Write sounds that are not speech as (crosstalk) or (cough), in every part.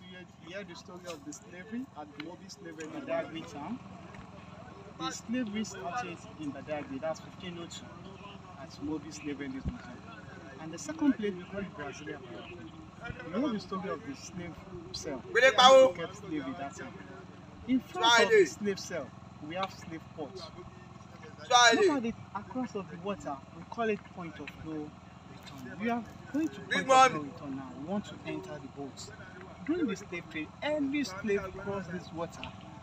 period, hear the story of the slavery at Mobi slavery in the Dagwe town. The slavery started in the Dagwe, that's 1502, at Mobi slavery in this town. And the second place we call it Brazilian. You know the story of the slave cell. We kept slavery that time. In front of the slave cell, we have slave port. Look at it across of the water, we call it point of no return. We are going to point of no return now. We want to enter the boat. during the slave trade, every slave crossed this water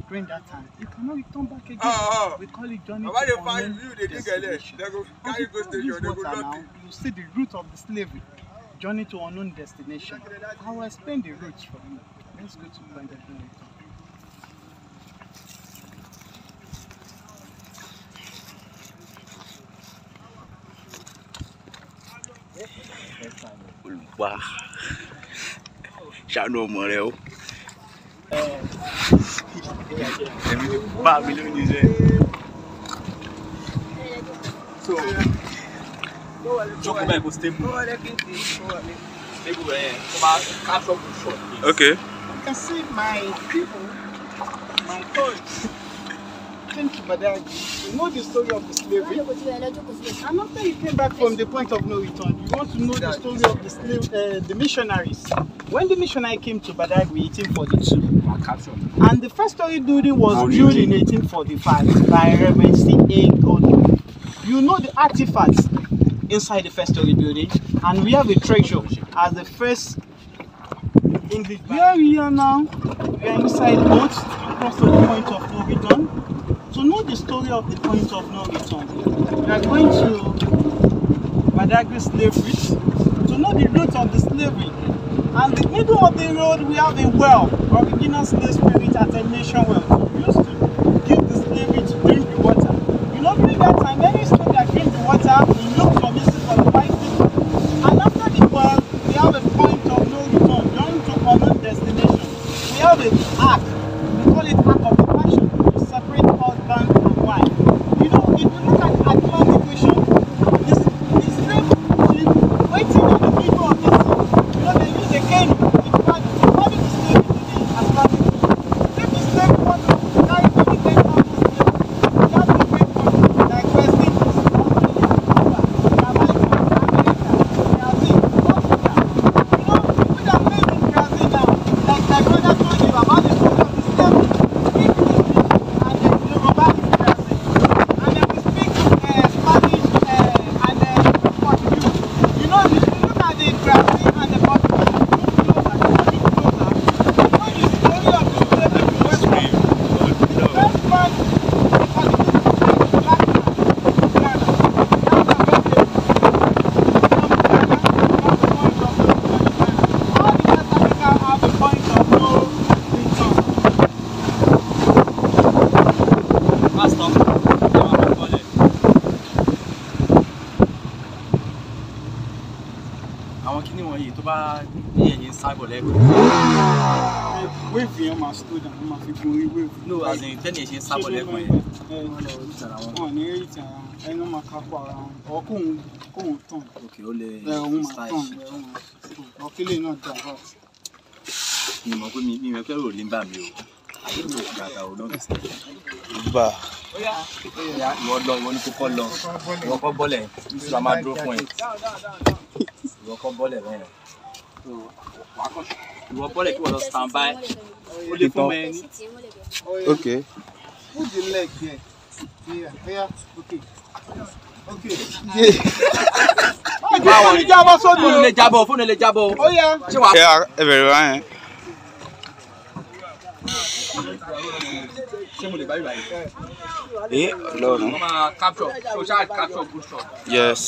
during that time. He cannot return back again. Uh, uh, we call it journey to unknown destination. They go, As you cross this water now, you see the root of the slavery, journey to unknown destination. I will explain the roots for you. Let's go to Bandar Olùgbà ṣàánú ọmọ rẹ o. bá ló ní sẹ́. jókòó báyìí kò stable. stable bẹ́ẹ̀ yẹn kó máa catch up with short. okay. you can see my people my coach. came to Badagi, you know the story of the slavery. And after you came back from the point of no return, you want to know the story of the slave, uh, the missionaries. When the missionary came to Badagi 1842, and the first story duty was built in 1845 by Reverend C.A. You know the artifacts inside the first story building, and we have a treasure as the first English. Where we are now, we are inside boats across the point of no return. to know the story of the point of no return, we are going to Badagry slavery to know the root of the slavery. And the middle of the road, we have a well, original slave spirit at a nation well. collect. wéèfì yẹn máa slow down wọ́n máa fi gun orí wéèfì. no as in tẹ́lẹ̀ ṣe ń sábọ̀ lẹ́gbọ̀n yẹn. wọn ní rí ìtàn ẹnu máa kápọ̀ ara wọn ọ̀ kóun kóun tàn. ok ó lè o ọkílẹ̀ náà dà bá. mi mọ̀ pé mi mọ̀ pé ròlí ń bà mí o àyè mi ò gbàgbà ò lọ́nà sí i. gbà ìwọ lọ ìwọ ní kókó lọ ìwọ kọ́ bọ́lẹ̀ ní sùn a máa dúró fún ẹ ìwọ kọ́ bọ́lẹ̀ ìwọ bọ́lẹ̀ kí wọ́n lọ stand by ó lè fún mẹ́rin ní. ok. put the leg there yeah yeah ok ok. báwo ni jábọ́ sódì o. fóònù lè jábọ́ fóònù lè jábọ́ o. ṣé wàá. ṣé ẹ bẹ̀rẹ̀ wá yẹn. ṣé mo lè bá yìí báyìí. ee lọ́ọ̀nù. capture so ṣáà capture good shot. yes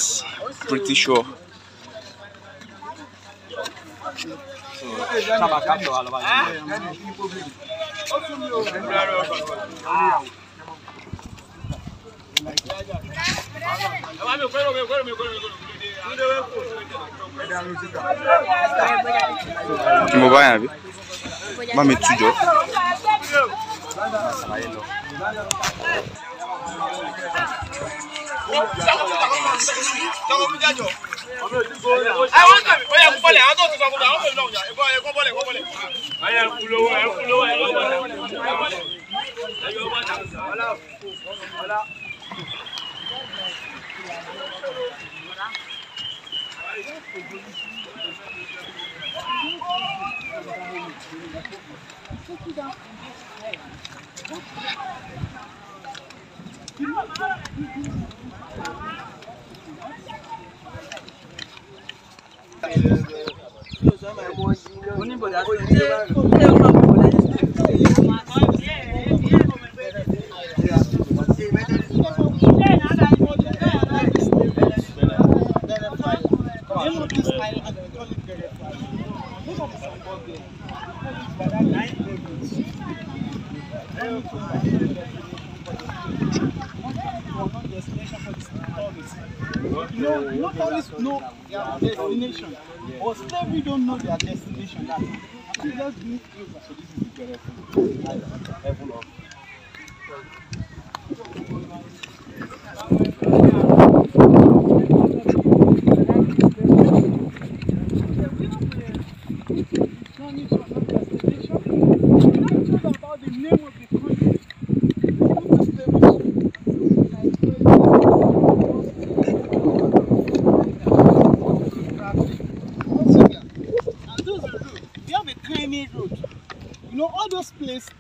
pretty sure sábà Tí mo bá yàn bí? Bá mi tújọ. Thank you ẹ wọ́n tẹ̀lé ó yẹ kó bọ́lẹ̀ àwọn tó ti sọ gbogbo àwọn tó ti lọ́wọ́ ẹ̀kọ́ ẹ̀kọ́ bọ́lẹ̀ ẹ̀kọ́ bọ́lẹ̀. ayé kulowó ẹ kulowó ẹ lọ́wọ́ ẹ bọ́lẹ̀ ẹ yọ bọ́lẹ̀. No, of this island and Destination for not tourists know their destination, but still we don't know their destination. That so let's bring So this is the Gere Flash, of.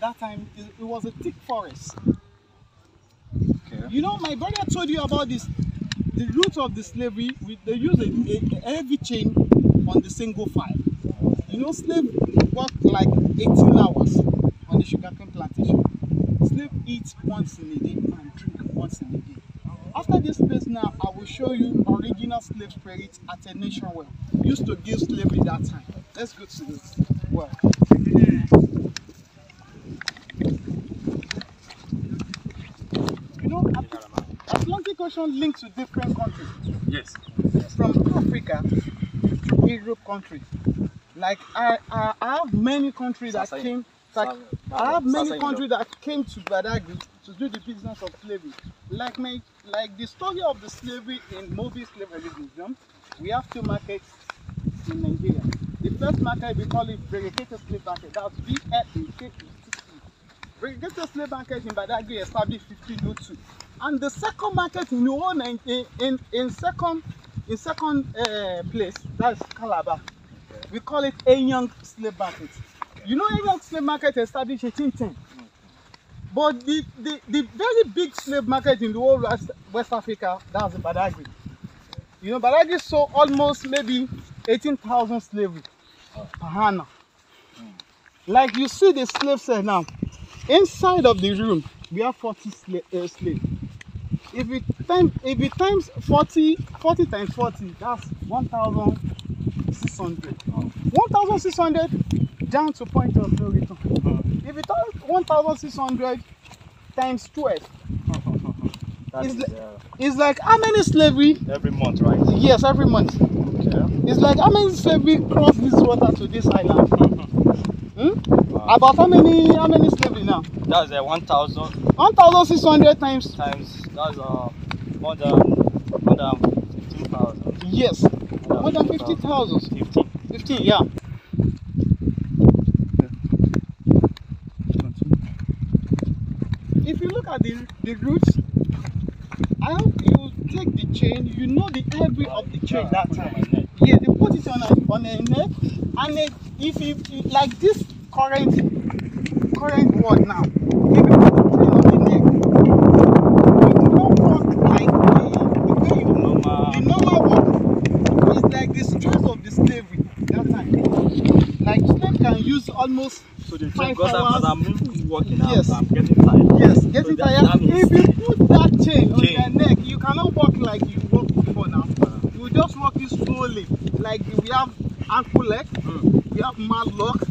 that time it, was a thick forest. Okay. You know, my brother told you about this. The roots of the slavery, we, they used a, a, heavy chain on the single file. You know, slave worked like 18 hours on the sugarcane plantation. Slave eat once in a day and drink once in a day. After this place now, I will show you original slave spirit at a nation well. Used to give slavery that time. Let's go to this well. Mm-hmm. discussion links to different countries. Yes. From Africa to Europe countries. Like I, I, have many countries that came. Like, I have many countries that came to Badagry to do the business of slavery. Like my, like the story of the slavery in movie slavery museum. We have two markets in Nigeria. The first market we call it Brigadier Slave Market. That's B L A K E T E. Brigadier Slave Market in Badagry established 1502. and the second market in the whole in, in, in second in second uh, place that's Calabar we call it Anyang slave market you know Anyang slave market established 1810 okay. but the, the the very big slave market in the whole West, West Africa that's Badagry you know Badagry sold almost maybe 18,000 slaves per annum like you see the slave cell now inside of the room we have 40 sla uh, slaves if it times if it times 40 40 times 40 that's 1600 1600 down to point of no return uh-huh. if it times 1600 times 12 (laughs) it's, li- it's like how many slavery every month right yes every month okay. it's like how many slavery cross this water to this island (laughs) hmm? wow. about how many how many slavery now? That's a uh, 1,000. 1,600 times? Times, that's uh, more than, more than 15,000. Yes, more, than 50,000. 15. 15, yeah. If you look at the, the roots, I hope you take the chain, you know the every of the chain that time. Yeah, they put it on a, on a neck, and if you, like this current, current wall now. Even if you put on the neck, it won't work like the, way you, no, the normal work. It's like the stress of slavery that Like slave can use almost so five hours. Yes. yes. getting tired. Yes, getting so tired. If you put that chain, chain on your neck, you cannot walk like you walk before now. Uh-huh. You just walk it slowly. Like we have ankle lock, mm. we have mad lock,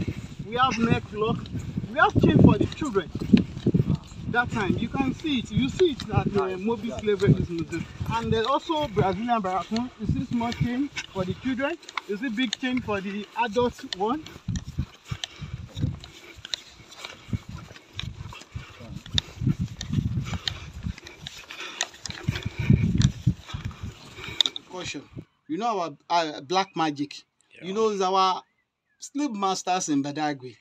we have neck lock, we have chain for the children. That time, you can see it. You see it at the uh, flavor yeah, is Muslim. And there's also Brazilian Barracoon. You see small chain for the children. You see big chain for the adult one. Caution. You know our, uh, black magic. Yeah. You know our slave masters in Badagry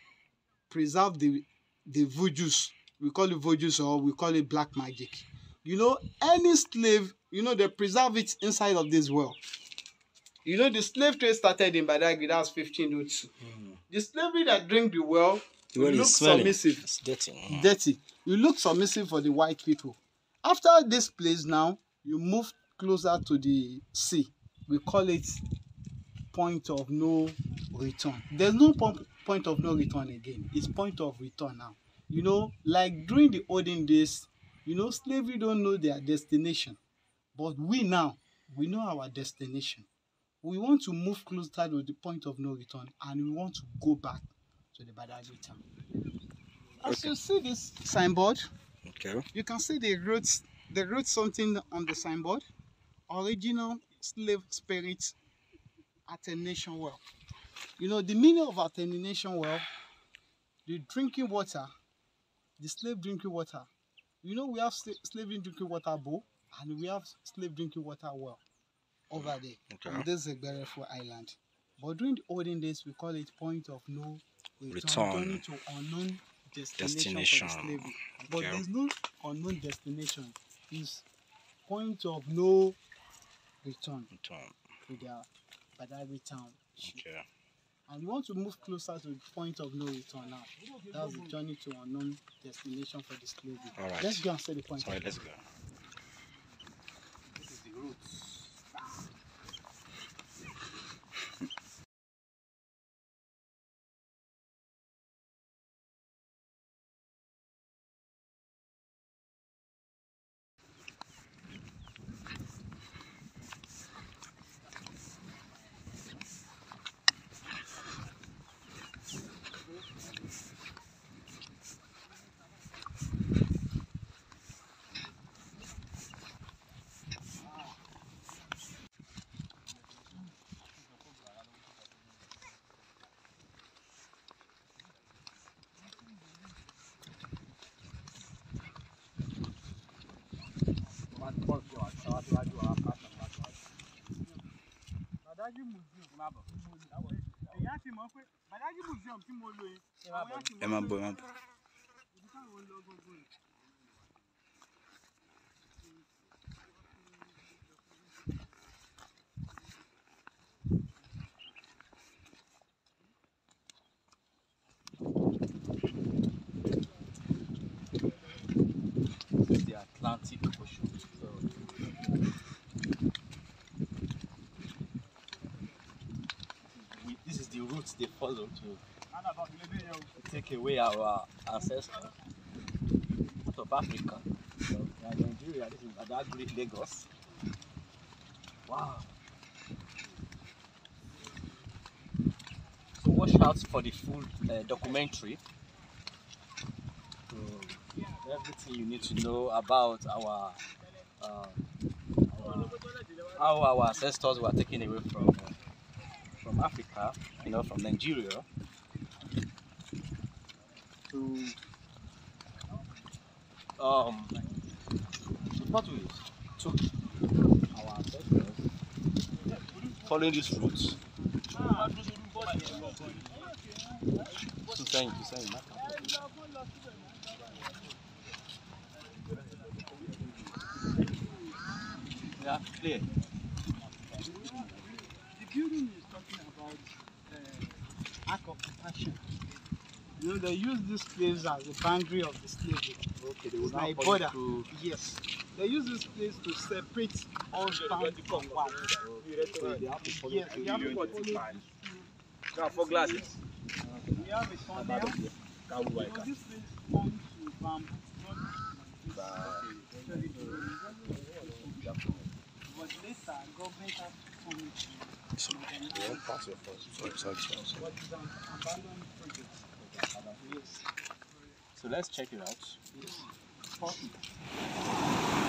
preserve the the vujus we call it vujus or we call it black magic you know any slave you know they preserve it inside of this world you know the slave trade started in badagry that's 1502 the slavery that drink the well you look submissive it's dirty. dirty you look submissive for the white people after this place now you move closer to the sea we call it point of no return. There's no point, point of no return again. It's point of return now. You know, like during the olden days, you know, slavery don't know their destination. But we now, we know our destination. We want to move closer to the point of no return and we want to go back to the Badagry town. As okay. you see this signboard, okay. you can see they wrote, they wrote something on the signboard. Original slave spirit at a nation well. You know, the meaning of our termination. well, the drinking water, the slave drinking water. You know, we have slave drinking water bowl and we have slave drinking water well over there okay. is this beautiful Island. But during the olden days, we call it point of no return, return. to unknown destination, destination. But okay. there's no unknown destination. It's point of no return, return. to the Badari town. Okay and we want to move closer to the point of no return now. That's the journey to unknown known destination for this clothing. All right. Let's go and set the point. Sorry, let's go. ẹ máa bọ̀ ẹ máa bọ̀. steps they follow to take away our ancestors out of Africa. So, Nigeria, this is that great Lagos. Wow. So watch out for the full uh, documentary. So everything you need to know about our, uh, our how our ancestors were taken away from. Uh, from Africa, you know, from Nigeria, to um, the Portuguese took our ancestors following these routes. Thank you. Yeah, clear. The building about uh, of compassion. You know, they use this place as the boundary of the slavery. Okay, they border. To... Yes. They use this place to separate all the towns from one. Yes, they have to follow yes, have Now, for glasses. we have a tunnel. You know, this place to bamboo. But later, government has to come so let's check it out.